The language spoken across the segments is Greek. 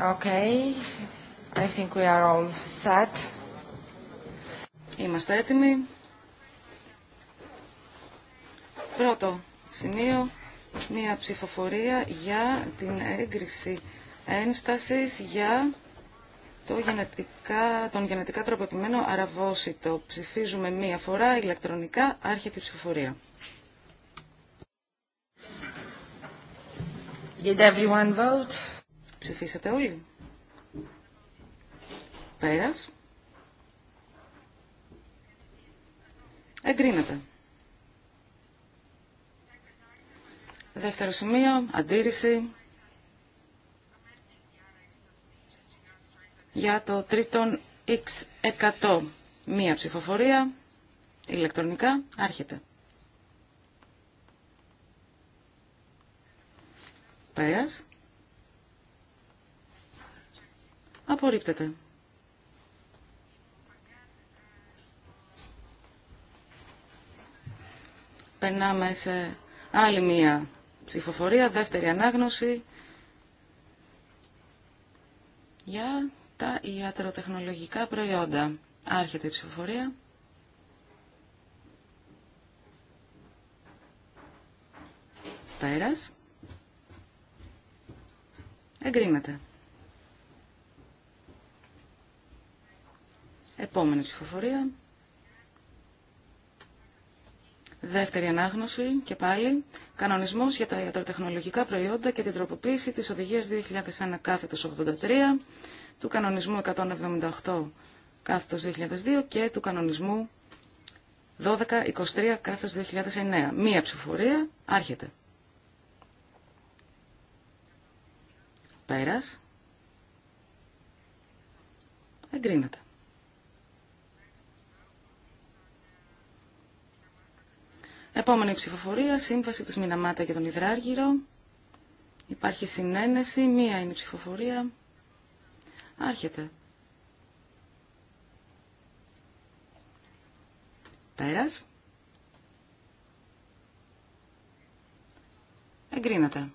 Okay. I think we are all set. Είμαστε έτοιμοι. Πρώτο σημείο, μία ψηφοφορία για την έγκριση ένστασης για το γενετικά, τον γενετικά τροποποιημένο αραβόσιτο. Ψηφίζουμε μία φορά ηλεκτρονικά, άρχεται ψηφοφορία. Did everyone vote? Ψηφίσατε όλοι. Πέρας. Εγκρίνεται. Δεύτερο σημείο, αντίρρηση για το τρίτον X100. Μία ψηφοφορία, ηλεκτρονικά, άρχεται. Πέρας. Απορρίπτεται. Περνάμε σε άλλη μία ψηφοφορία, δεύτερη ανάγνωση για τα ιατροτεχνολογικά προϊόντα. Άρχεται η ψηφοφορία. Πέρας. Εγκρίνεται. Επόμενη ψηφοφορία. Δεύτερη ανάγνωση και πάλι. Κανονισμό για τα ιατροτεχνολογικά προϊόντα και την τροποποίηση τη Οδηγία 2001 κάθετο 83, του Κανονισμού 178 κάθετο 2002 και του Κανονισμού 1223 κάθετο 2009. Μία ψηφοφορία. Άρχεται. Πέρας. Εγκρίνεται. Επόμενη ψηφοφορία, σύμβαση της Μιναμάτα για τον Ιδράργυρο. Υπάρχει συνένεση, μία είναι η ψηφοφορία. Άρχεται. Πέρας. Εγκρίνεται.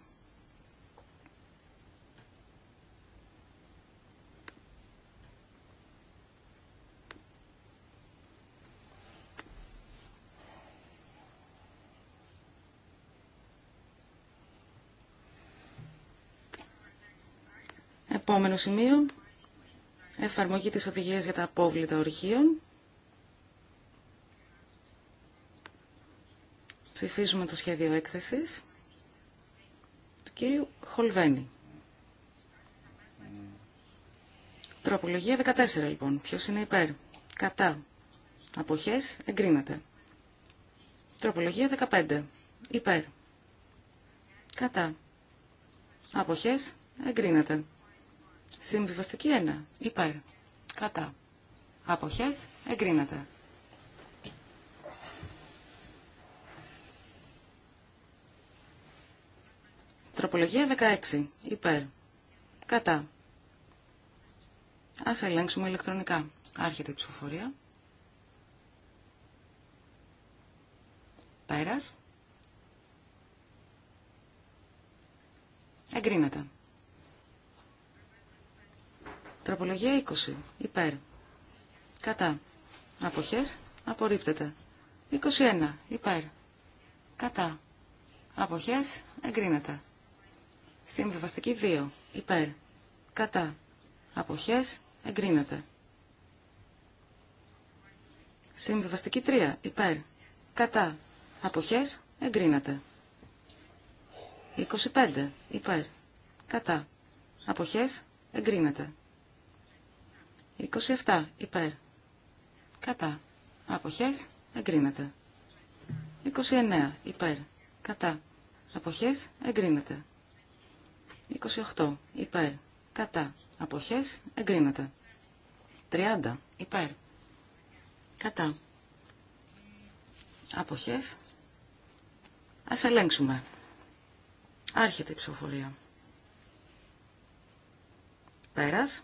Επόμενο σημείο, εφαρμογή της οδηγίας για τα απόβλητα ορχείων. Ψηφίζουμε το σχέδιο έκθεσης του κύριου Χολβένη. Τροπολογία 14 λοιπόν. Ποιος είναι υπέρ. Κατά. Αποχές εγκρίνεται. Τροπολογία 15. Υπέρ. Κατά. Αποχές εγκρίνεται. Συμβιβαστική 1. Υπέρ. Κατά. Αποχές. Εγκρίνεται. Τροπολογία 16. Υπέρ. Κατά. Ας ελέγξουμε ηλεκτρονικά. Άρχεται η ψηφοφορία. Πέρας. Εγκρίνεται. Τροπολογία 20. Υπέρ. Κατά. Αποχές. Απορρίπτεται. 21. Υπέρ. Κατά. Αποχές. Εγκρίνεται. Συμβιβαστική 2. Υπέρ. Κατά. Αποχές. Εγκρίνεται. Συμβιβαστική 3. Υπέρ. Κατά. Αποχές. Εγκρίνεται. 25. Υπέρ. Κατά. Αποχές. Εγκρίνεται. 27 υπέρ. Κατά. Αποχές εγκρίνεται. 29 υπέρ. Κατά. Αποχές εγκρίνεται. 28 υπέρ. Κατά. Αποχές εγκρίνεται. 30 υπέρ. Κατά. Αποχές. Ας ελέγξουμε. Άρχεται η ψηφοφορία. Πέρας.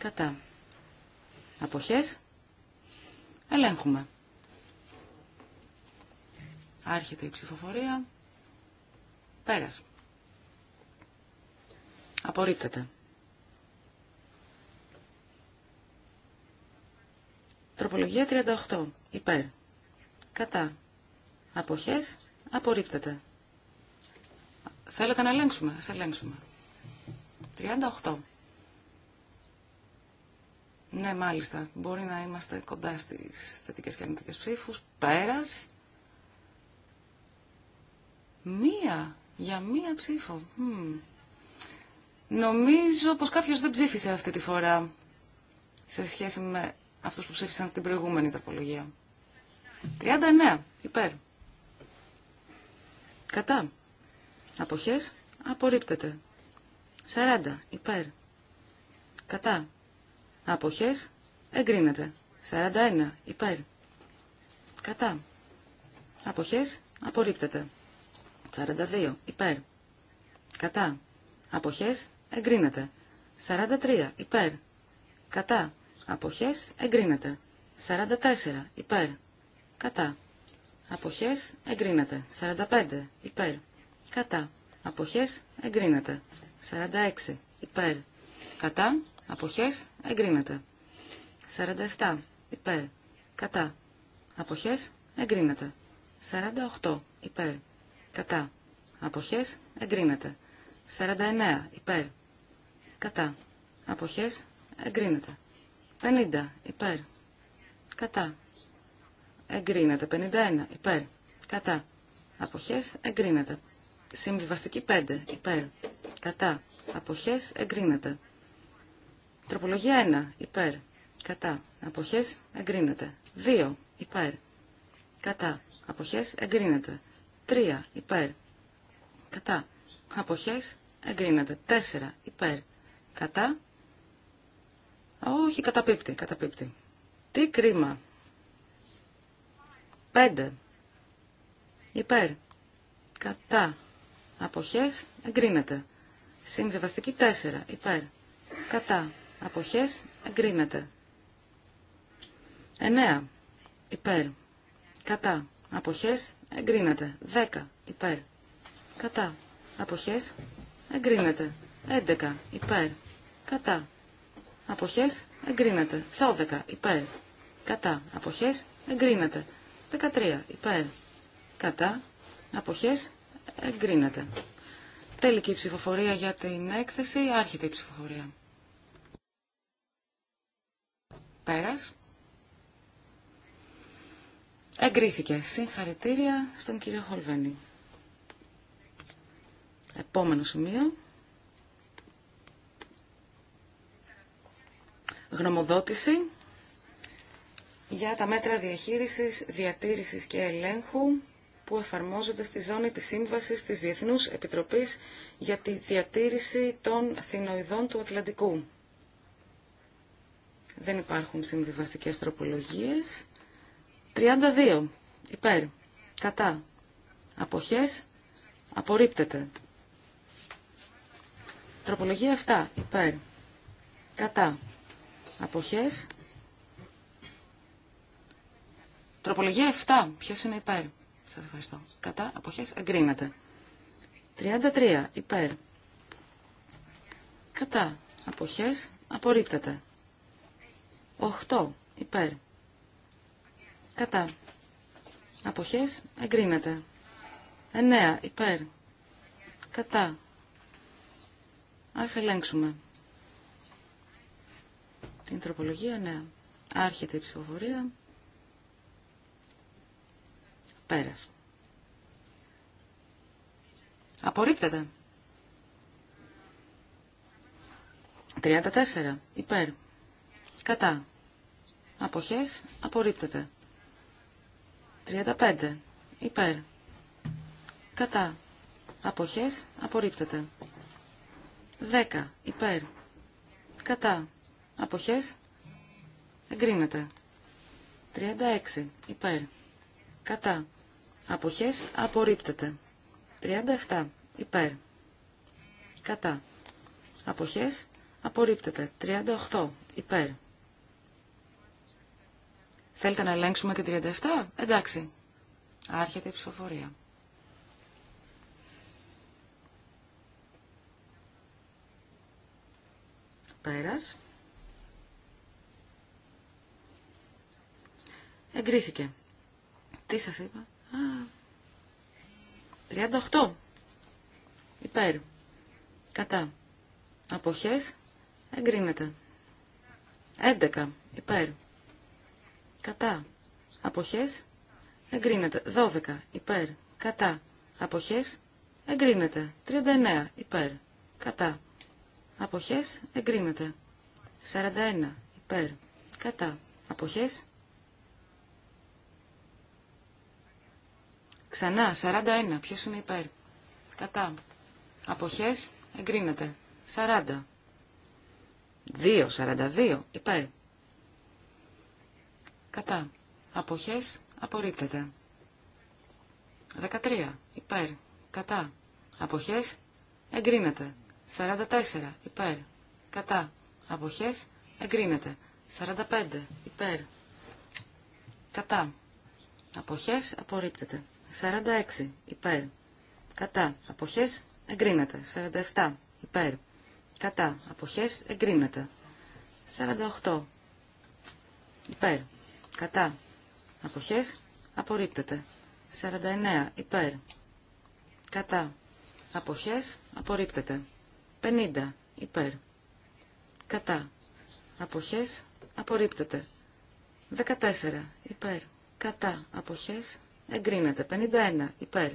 Κατά. Αποχές. Ελέγχουμε. Άρχεται η ψηφοφορία. Πέρας. Απορρίπτεται. Τροπολογία 38. Υπέρ. Κατά. Αποχές. Απορρίπτεται. Θέλετε να ελέγξουμε. Ας ελέγξουμε. 38. Ναι, μάλιστα. Μπορεί να είμαστε κοντά στις θετικές και αρνητικές ψήφους. Πέρας. Μία. Για μία ψήφο. Νομίζω πως κάποιος δεν ψήφισε αυτή τη φορά σε σχέση με αυτούς που ψήφισαν την προηγούμενη τροπολογία. 39. Υπέρ. Κατά. Αποχές. Απορρίπτεται. 40. Υπέρ. Κατά. Αποχές. Εγκρίνεται. 41. Υπέρ. Κατά. Αποχές. Απορρίπτεται. 42. Υπέρ. Κατά. Αποχές. Εγκρίνεται. 43. Υπέρ. Κατά. Αποχές. Εγκρίνεται. 44. Υπέρ. Κατά. Αποχές. Εγκρίνεται. 45. Υπέρ. Κατά. Αποχές. Εγκρίνεται. 46. Υπέρ. Κατά. Αποχές εγκρίνεται. 47. Υπέρ. Κατά. Αποχές εγκρίνεται. 48. Υπέρ. Κατά. Αποχές εγκρίνεται. 49. Υπέρ. Κατά. Αποχές εγκρίνεται. 50. Υπέρ. Κατά. Εγκρίνεται. 51. Υπέρ. Κατά. Αποχές εγκρίνεται. Συμβιβαστική 5. Υπέρ. Κατά. Αποχές εγκρίνεται. Τροπολογία 1. Υπέρ. Κατά. Αποχές. Εγκρίνεται. 2. Υπέρ. Κατά. Αποχές. Εγκρίνεται. 3. Υπέρ. Κατά. Αποχές. Εγκρίνεται. 4. Υπέρ. Κατά. Όχι, καταπίπτει. Καταπίπτει. Τι κρίμα. 5. Υπέρ. Κατά. Αποχές. Εγκρίνεται. Συμβιβαστική 4. Υπέρ. Κατά αποχές εγκρίνεται. 9 υπέρ κατά αποχές εγκρίνεται. 10 υπέρ κατά αποχές εγκρίνεται. 11 υπέρ κατά αποχές εγκρίνεται. 12 υπέρ κατά αποχές εγκρίνεται. 13 υπέρ κατά αποχές εγκρίνεται. Τέλικη ψηφοφορία για την έκθεση. Άρχεται η ψηφοφορία. Πέρας. Εγκρίθηκε. Συγχαρητήρια στον κύριο Χολβένη. Επόμενο σημείο. Γνωμοδότηση για τα μέτρα διαχείρισης, διατήρησης και ελέγχου που εφαρμόζονται στη ζώνη της Σύμβασης της Διεθνούς Επιτροπής για τη διατήρηση των θηνοειδών του Ατλαντικού. Δεν υπάρχουν συμβιβαστικές τροπολογίες. 32. Υπέρ. Κατά. Αποχές. Απορρίπτεται. Τροπολογία 7. Υπέρ. Κατά. Αποχές. Τροπολογία 7. Ποιος είναι υπέρ. Σας ευχαριστώ. Κατά. Αποχές. Εγκρίνεται. 33. Υπέρ. Κατά. Αποχές. Απορρίπτεται. 8 υπέρ. Κατά. Αποχές εγκρίνεται. 9 υπέρ. Κατά. Ας ελέγξουμε. Την τροπολογία 9. Ναι. Άρχεται η ψηφοφορία. Πέρας. Απορρίπτεται. 34. Υπέρ. Κατά. Αποχές. Απορρίπτεται. 35. Υπέρ. Κατά. Αποχές. Απορρίπτεται. 10. Υπέρ. Κατά. Αποχές. Εγκρίνεται. 36. Υπέρ. Κατά. Αποχές. Απορρίπτεται. 37. Υπέρ. Κατά. Αποχές. Απορρίπτεται. 38. Υπέρ. Θέλετε να ελέγξουμε την 37. Εντάξει. Άρχεται η ψηφοφορία. Πέρας. Εγκρίθηκε. Τι σας είπα. Α, 38. Υπέρ. Κατά. Αποχές. Εγκρίνεται. 11. Υπέρ κατά, αποχές, εγκρίνεται. 12 υπέρ, κατά, αποχές, εγκρίνεται. 39 υπέρ, κατά, αποχές, εγκρίνεται. 41 υπέρ, κατά, αποχές, Ξανά, 41. Ποιος είναι υπέρ. Κατά. Αποχές, εγκρίνεται. 40. 2, 42. Υπέρ. Κατά. Αποχές. Απορρίπτεται. 13. Υπέρ. Κατά. Αποχές. Εγκρίνεται. 44. Υπέρ. Κατά. Αποχές. Εγκρίνεται. 45. Υπέρ. Κατά. Αποχές. Απορρίπτεται. 46. Υπέρ. Κατά. Αποχές. Εγκρίνεται. 47. Υπέρ. Κατά. Αποχές. Εγκρίνεται. 48. Υπέρ. Κατά. Αποχές. Απορρίπτεται. 49. Υπέρ. Κατά. Αποχές. Απορρίπτεται. 50. Υπέρ. Κατά. Αποχές. Απορρίπτεται. 14. Υπέρ. Κατά. Αποχές. Εγκρίνεται. 51. Υπέρ.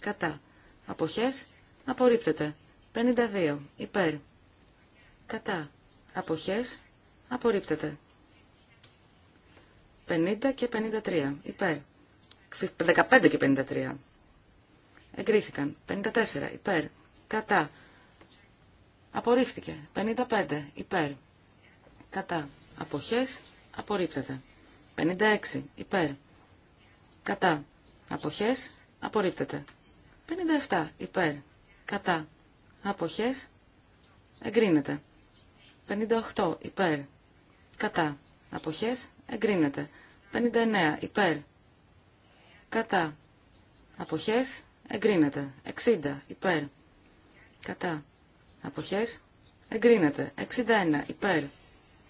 Κατά. Αποχές. Απορρίπτεται. 52. Υπέρ. Κατά. Αποχές. Απορρίπτεται. 50 και 53. Υπέρ. 15 και 53. Εγκρίθηκαν. 54. Υπέρ. Κατά. Απορρίφθηκε. 55. Υπέρ. Κατά. Αποχές. Απορρίπτεται. 56. Υπέρ. Κατά. Αποχές. Απορρίπτεται. 57. Υπέρ. Κατά. Αποχές. Εγκρίνεται. 58. Υπέρ. Κατά. Αποχές. Εγκρίνεται. 59 υπέρ. Κατά. Αποχές εγκρίνεται. 60 υπέρ. Κατά. Αποχές εγκρίνεται. 61 υπέρ.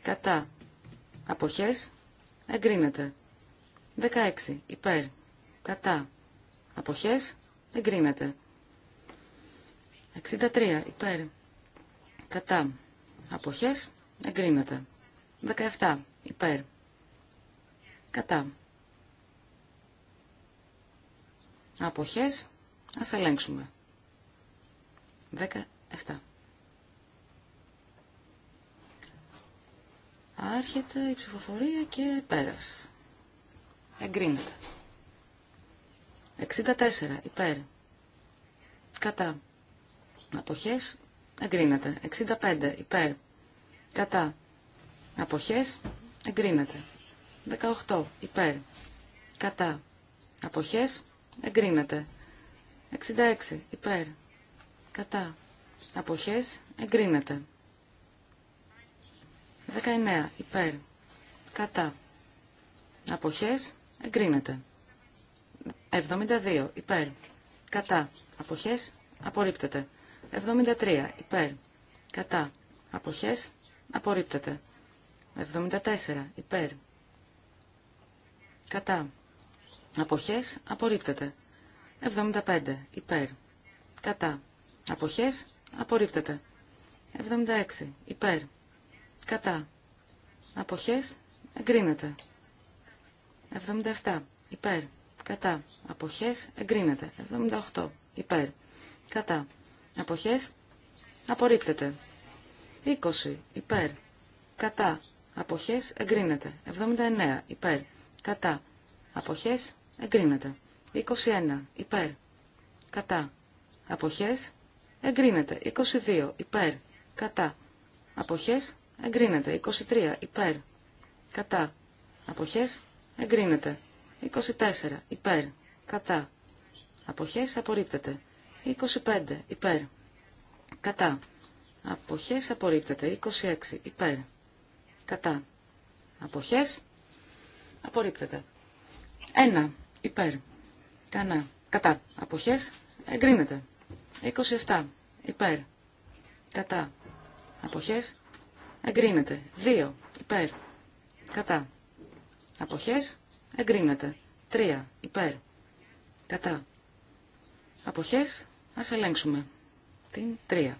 Κατά. Αποχές εγκρίνεται. 16 υπέρ. Κατά. Αποχές εγκρίνεται. 63 υπέρ. Κατά. Αποχές εγκρίνεται. 17 υπέρ. Κατά. Αποχές. Ας ελέγξουμε. 17. Άρχεται η ψηφοφορία και πέρας. Εγκρίνεται. 64. Υπέρ. Κατά. Αποχές. Εγκρίνεται. 65. Υπέρ. Κατά. Αποχές. Εγκρίνεται. 18 υπέρ. Κατά. Αποχές εγκρίνεται. 66 υπέρ. Κατά. Αποχές εγκρίνεται. 19 υπέρ. Κατά. Αποχές εγκρίνεται. 72 υπέρ. Κατά. Αποχές απορρίπτεται. 73 υπέρ. Κατά. Αποχές απορρίπτεται. 74 υπέρ. Κατά. Αποχές απορρίπτεται. 75. Υπέρ. Κατά. Αποχές απορρίπτεται. 76. Υπέρ. Κατά. Αποχές εγκρίνεται. 77. Υπέρ. Κατά. Αποχές εγκρίνεται. 78. Υπέρ. Κατά. Αποχές απορρίπτεται. 20. Υπέρ. Κατά. Αποχές εγκρίνεται. 79. Υπέρ κατά, αποχές, εγκρίνεται. 21 υπέρ, κατά, αποχές, εγκρίνεται. 22 υπέρ, κατά, αποχές, εγκρίνεται. 23 υπέρ, κατά, αποχές, εγκρίνεται. 24 υπέρ, κατά, αποχές, απορρίπτεται. 25 υπέρ, κατά, αποχές, απορρίπτεται. 26 υπέρ, κατά, αποχές, απορρίπτεται. 1 υπέρ, κανά, κατά, αποχές, εγκρίνεται. 27 υπέρ, κατά, αποχές, εγκρίνεται. 2 υπέρ, κατά, αποχές, εγκρίνεται. 3 υπέρ, κατά, αποχές, ας ελέγξουμε την 3.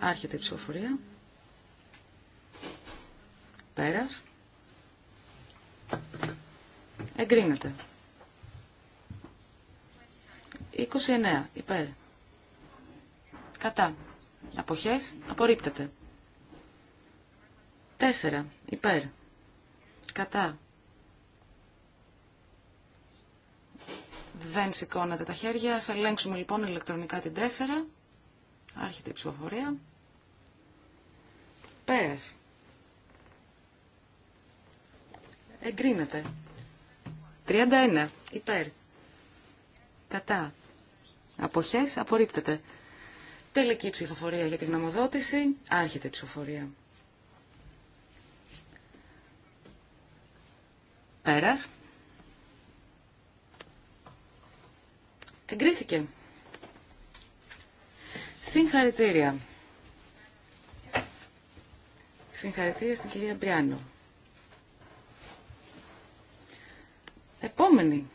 Άρχεται η ψηφοφορία. Πέρας. Εγκρίνεται. 29. Υπέρ. Κατά. Αποχές. Απορρίπτεται. 4. Υπέρ. Κατά. Δεν σηκώνατε τα χέρια. Ας ελέγξουμε λοιπόν ηλεκτρονικά την 4. Άρχεται η ψηφοφορία. Πέρασε. Εγκρίνεται. 31. Υπέρ. Κατά. Αποχές. Απορρίπτεται. Τελική ψηφοφορία για την γνωμοδότηση. Άρχεται η ψηφοφορία. Πέρας. Εγκρίθηκε. Συγχαρητήρια. Συγχαρητήρια στην κυρία Μπριάνο. Επόμενη.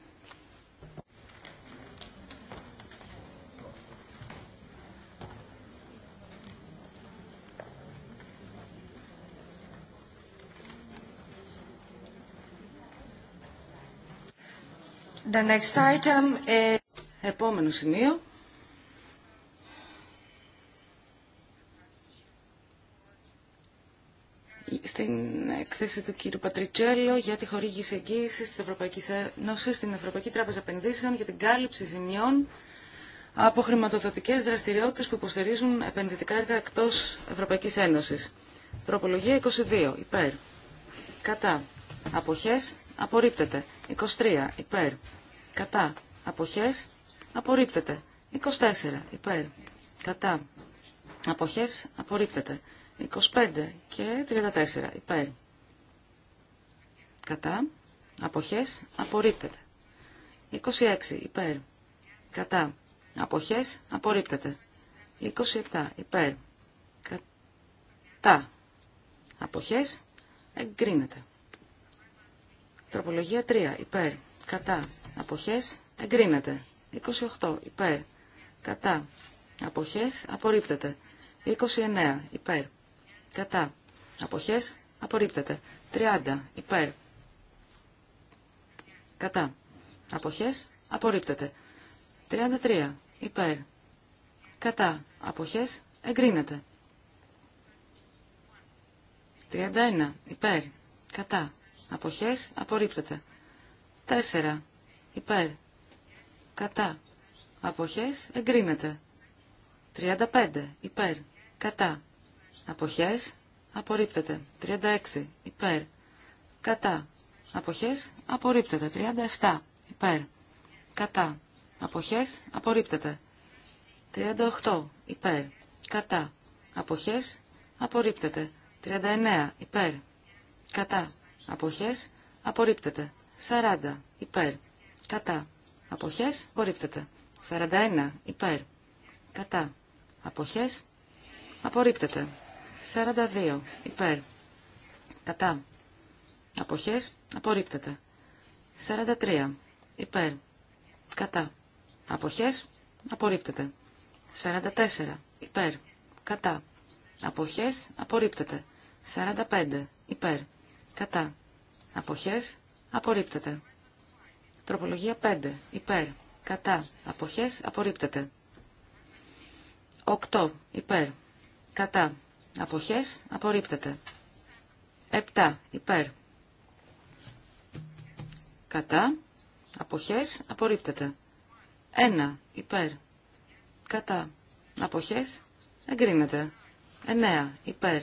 The next item is... Επόμενο σημείο. έκθεση του κ. Πατριτσέλο για τη χορήγηση εγγύηση τη Ευρωπαϊκή Ένωση στην Ευρωπαϊκή Τράπεζα Επενδύσεων για την κάλυψη ζημιών από χρηματοδοτικέ δραστηριότητε που υποστηρίζουν επενδυτικά έργα εκτό Ευρωπαϊκή Ένωση. Τροπολογία 22. Υπέρ. Κατά. Αποχέ. Απορρίπτεται. 23. Υπέρ. Κατά. Αποχέ. Απορρίπτεται. 24. Υπέρ. Κατά. Αποχέ. Απορρίπτεται. 25 και 34 υπέρ κατά, αποχές, απορρίπτεται. 26 υπέρ, κατά, αποχές, απορρίπτεται. 27 υπέρ, κατά, αποχές, εγκρίνεται. Τροπολογία 3 υπέρ, κατά, αποχές, εγκρίνεται. 28 υπέρ, κατά, αποχές, απορρίπτεται. 29 υπέρ, κατά, αποχές, απορρίπτεται. 30 υπέρ, Κατά. Αποχές. Απορρίπτεται. 33. Υπέρ. Κατά. Αποχές. Εγκρίνεται. 31. Υπέρ. Κατά. Αποχές. Απορρίπτεται. 4. Υπέρ. Κατά. Αποχές. Εγκρίνεται. 35. Υπέρ. Κατά. Αποχές. Απορρίπτεται. 36. Υπέρ. Κατά αποχές απορρίπτεται. 37 υπέρ κατά αποχές απορρίπτεται. 38 υπέρ κατά αποχές απορρίπτεται. 39 υπέρ κατά αποχές απορρίπτεται. 40 υπέρ κατά αποχές απορρίπτεται. 41 υπέρ κατά αποχές απορρίπτεται. 42 υπέρ κατά Αποχές απορρίπτεται. 43. Υπέρ. Κατά. Αποχές απορρίπτεται. 44. Υπέρ. Κατά. Αποχές απορρίπτεται. 45. Υπέρ. Κατά. Αποχές απορρίπτεται. Τροπολογία 5. Υπέρ. Κατά. Αποχές απορρίπτεται. 8. Υπέρ. Κατά. Αποχές απορρίπτεται. 7. Υπέρ κατά, αποχές, απορρίπτεται. 1 υπέρ, κατά, αποχές, εγκρίνεται. 9 υπέρ,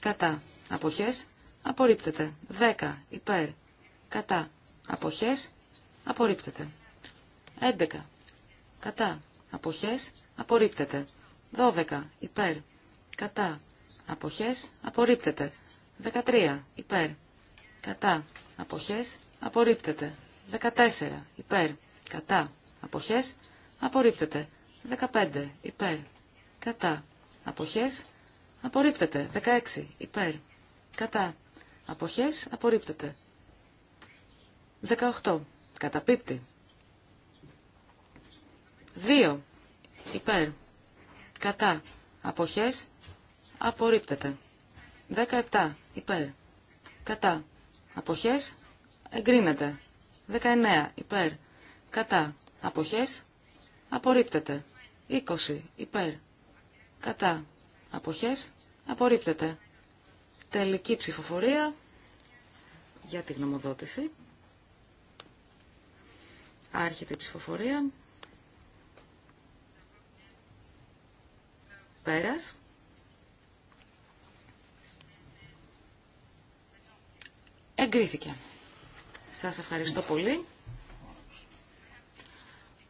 κατά, αποχές, απορρίπτεται. 10 υπέρ, κατά, αποχές, απορρίπτεται. 11 κατά, αποχές, απορρίπτεται. 12 υπέρ, κατά, αποχές, απορρίπτεται. 13 υπέρ, κατά, αποχές, απορρίπτεται. 14 υπέρ, κατά, αποχές, απορρίπτεται. 15 υπέρ, κατά, αποχές, απορρίπτεται. 16 υπέρ, κατά, αποχές, απορρίπτεται. 18 καταπίπτει. 2 υπέρ, κατά, αποχές, απορρίπτεται. 17 υπέρ, κατά, αποχές, εγκρίνεται. 19 υπέρ, κατά, αποχές, απορρίπτεται. 20 υπέρ, κατά, αποχές, απορρίπτεται. Τελική ψηφοφορία για τη γνωμοδότηση. Άρχεται η ψηφοφορία. Πέρας. Εγκρίθηκε. Σας ευχαριστώ πολύ.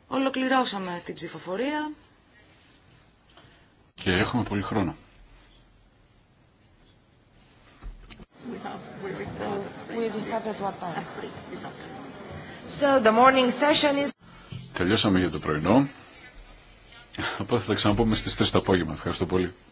Ολοκληρώσαμε την ψηφοφορία. Και έχουμε πολύ χρόνο. Τελειώσαμε για το πρωινό. Οπότε θα τα ξαναπούμε στις 3 το απόγευμα. Ευχαριστώ πολύ.